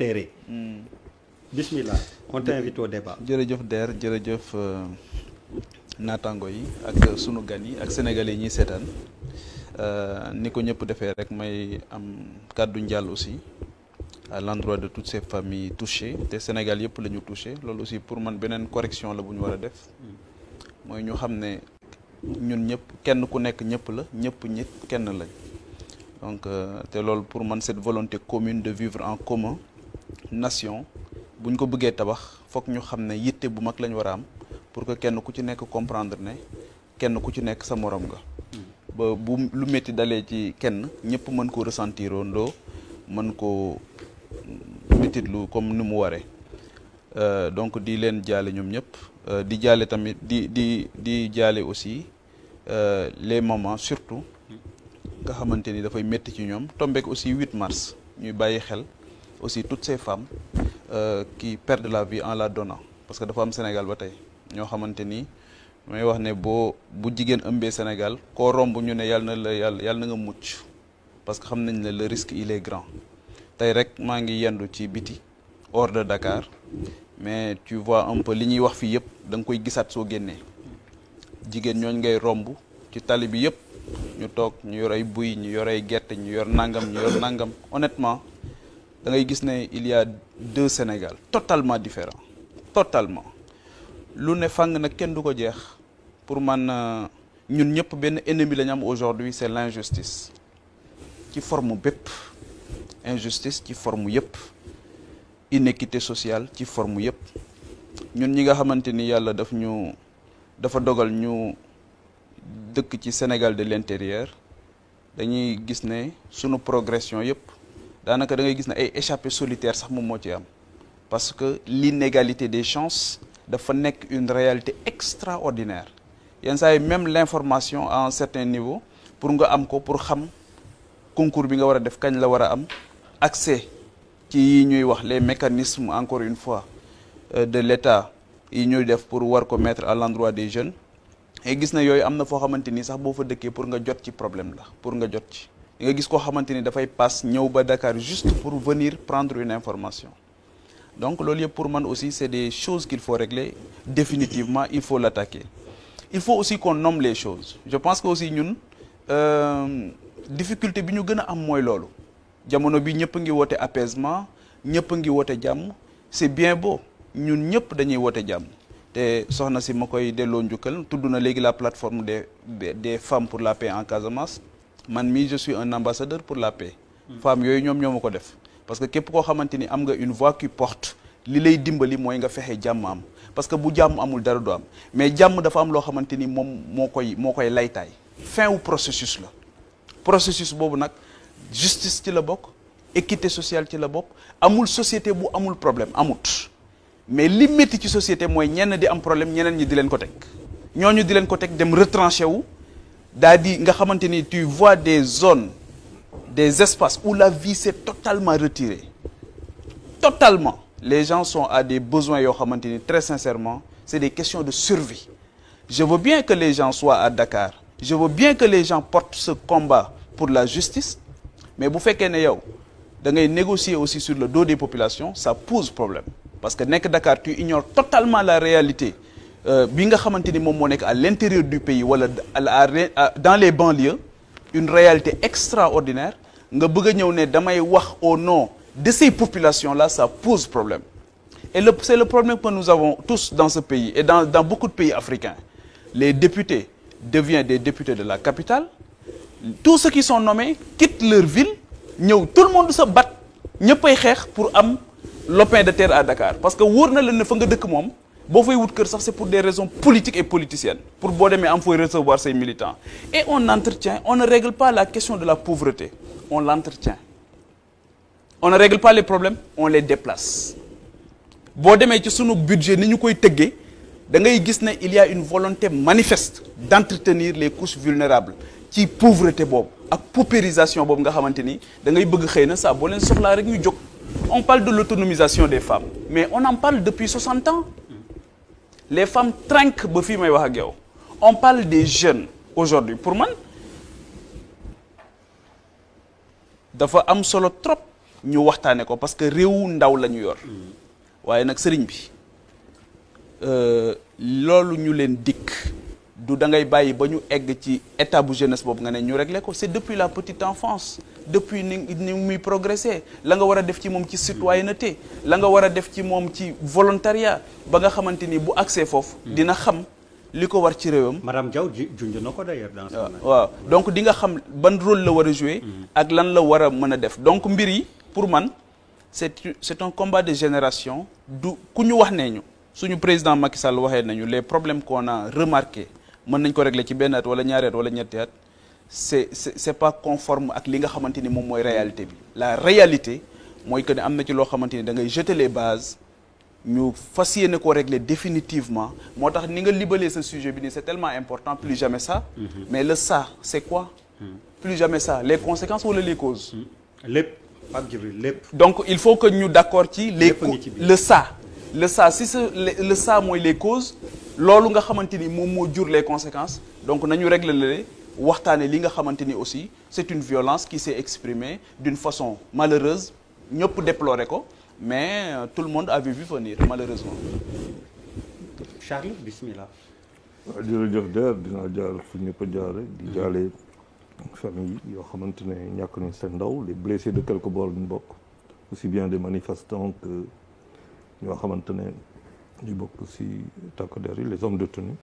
téere hmm. bismillah on t'invite au débat jërëjëf Der jërëjëf euh, naataango yi ak sunu gan yi ak sénégalais yi ñuy seetaan euh, ni ko ñëpp defee rek may am kàddu njàll aussi à l'endroit de tout ces familles touchées te Sénégal yëpp lañu ñu touché loolu aussi pour man beneen correction la bu ñu war a def mooy ñu xam ne ñun ñëpp kenn ku nekk ñëpp la ñëpp ñi kenn lañ donc euh, te loolu pour man cette volonté commune de vivre en commun nation buñ ko bëggee tabax foog ñu xam ne yitte bu mag lañ war a am pour que kenn ku ci nekk comprendre ne kenn ku ci nekk sa moroom nga. ba bu lu métti dalee ci kenn ñëpp mën ko ressentir ndoo mën ko méttitlu comme ni mu waree euh, donc di leen jaale ñoom ñëpp euh, di jaale tamit di di di jaale aussi euh, les moment surtout nga xamante ni dafay métti ci ñoom tombeek aussi 8 mars ñuy bàyyi xel. aussi toutes ces femmes euh, qui perdent la vie en la donnant parce que dafa am Sénégal ba tey ñoo xamante ni may wax ne boo bu jigéen ëmbee Sénégal koo romb ñu ne yàlla na la yàlla yàlla na nga mucc parce que xam nañ ne le risque il est grand tey rek maa ngi yendu ci biti hors de Dakar mais tu vois un peu li ñuy wax fii yëpp da nga koy gisaat soo génnee jigéen ñooñ ngay romb ci tali bi yëpp ñu toog ñu yor ay buy ñu yor ay gerte ñu yor nangam ñu yor nangam honnêtement da ngay gis ne il y deux Sénégal totalement différents totalement lu ne fàng nag kenn du ko jeex pour man euh, ñun ñëpp benn ennemi la ñu am aujourd'hui c'est l'injustice ci forme bépp injustice ci forme yëpp inéquité sociale ci forme yëpp ñun ñi nga xamante ni yàlla daf ñu dafa dogal ñu dëkk ci Sénégal de l'intérieur dañuy gis ne sunu progression yëpp daanaka da ngay gis ne ay échappée solitaire sax moom moo ci am parce que l'inégalité des chances dafa nekk une réalité extraordinaire yenn saa yi même l'information à un certain niveau pour nga am ko pour xam concours bi nga war a def kañ la war a am accès ci yi ñuy wax les mécanismes encore une fois euh, de l'État yi ñuy def pour war ko metre à l'endroit des jeunes et gis na yooyu am na foo xamante ni sax boo fa dëkkee pour nga jot ci problème la pour nga jot ci di nga gis koo xamante ni dafay paas ñëw ba Dakar juste pour venir prendre une information donc loolu yëpp pour man aussi c'est des choses qu'il faut régler définitivement il faut l'attaquer il faut aussi qu'on nomme les choses je pense que aussi ñun euh, difficulté bi ñu gën a am mooy loolu jamono bi ñëpp ngi woote apaisement ñëpp ngi woote jàmm c'est bien beau ñun ñëpp dañuy woote jàmm te soxna si ma koy delloo njukkal tudd na léegi la plateforme des des femmes pour la paix en Casamance man mii je suis un ambassadeur pour la paix. femme yooyu ñoom ñoo ko def. parce que képp koo xamante am nga une voix qui porte li lay dimbali mooy nga fexe jàmm am parce que bu jàmm amul dara du am mais jàmm dafa am loo xamante ni moom moo koy moo koy laytaay. fin wu processus la processus boobu nag justice ci la bokk équité sociale ci la bokk amul société bu amul problème amut mais li métti ci société mooy ñenn di am problème ñeneen ñi di leen ko teg ñooñu di leen ko teg dem retranché wu. daal di nga xamante ni tu vois des zones des espaces où la vie s'est totalement retirée totalement les gens sont à des besoins yoo xamante ni très sincèrement c'est des questions de survie je veux bien que les gens soient à Dakar je veux bien que les gens portent ce combat pour la justice mais bu fekkee ne yow da ngay négocier aussi sur le dos des populations ça pose problème parce que nekk Dakar tu ignores totalement la réalité Euh, bi nga xamante ni moom moo nekk à l'intérieur du pays wala dans les banlieues une réalité extraordinaire nga bëgg a ñëw ne damay wax au non de ces populations la ça pose problème et le c'est le problème que nous avons tous dans ce pays et dans dans beaucoup de pays africains les députés deviennent des députés de la capitale tous ceux qui sont nommés quittent leur ville ñëw tout le monde sa bat ñëppay xeex pour am lopin de terre à Dakar parce que wóor na leen ne fa nga dëkk moom boo fay wut kër sax c'est pour des raisons politiques et politiciennes pour boo demee am fooy recevoir ses militants et on entretient on ne règle pas la question de la pauvreté on l'entretient on ne règle pas les problèmes on les déplace boo demee ci sunu budget ni ñu koy tëggee da ngay gis ne il y a une volonté manifeste d'entretenir les couches vulnérables ci pauvreté boobu ak paupérisation boobu nga xamante ni da ngay bëgg xëy na saa boo leen soxlaa rek ñu jóg on parle de l'autonomisation des femmes mais on en parle depuis les femmes trinquent ba fii may wax a yow on parle des jeunes aujourd'hui pour man dafa am solo trop ñu waxtaane ko parce que réewu ndaw la ñu yor mm. waaye nag sëriñ bi euh, loolu ñu leen dikk du da bàyyi ba ñu egg ci état bu jeunesse boobu nga ne ñu régler ko c' est depuis la petite enfance depuis ni ni muy progresser la nga war a def ci moom ci citoyenneté la nga war a def ci moom ci volontariat ba nga xamante ni bu accès foofu hmm. dina xam li ko war ci réewam. madame Diaw junj na ko d'ailleurs dans ce waaw donc di nga xam ban rôle la war a jouer hmm. ak lan la war a mën a def donc mbir yi pour man c' est est un combat de génération du ku ñu wax nee ñu suñu président Macky Sall waxee nañu les problèmes qu'on a remarqué mën nañ ko régler ci benn at wala ñaari at wala ñetti at c'est c'est c'est pas conforme ak li nga xamante ni moom mooy réalité bi la réalité mooy que ne am na ci loo xamante ni da ngay jeter les bases ñu fas yéene ko régler définitivement moo tax ni nga libalee ce sujet bi nii c'est tellement important plus jamais ça mm-hmm. mais le ça c'est quoi mm -hmm. plus jamais ça les les causes mm-hmm. lépp Pape Djibril lépp donc il faut que ñu d'accord ci les le sa le ça si ce le ça mooy les causes loolu nga xamante ni moom moo jur lee conséquences donc nañu régler lee waxtaane li nga xamante ni aussi c'est une violence qui s'est exprimée d'une façon malheureuse ñëpp déplorer ko mais euh, tout le monde avait vu venir malheureusement. Charles bismillah. waaw euh, jërëjëf Diar dina jaar fu ñëpp a jaare di jaale famille yoo xamante ne ñàkk nañ seen ndaw le blessés de quelque bord ñu bokk aussi bien de manifestants que ñoo xamante ne. ñu bokk ci takk der yi les hommes de tenue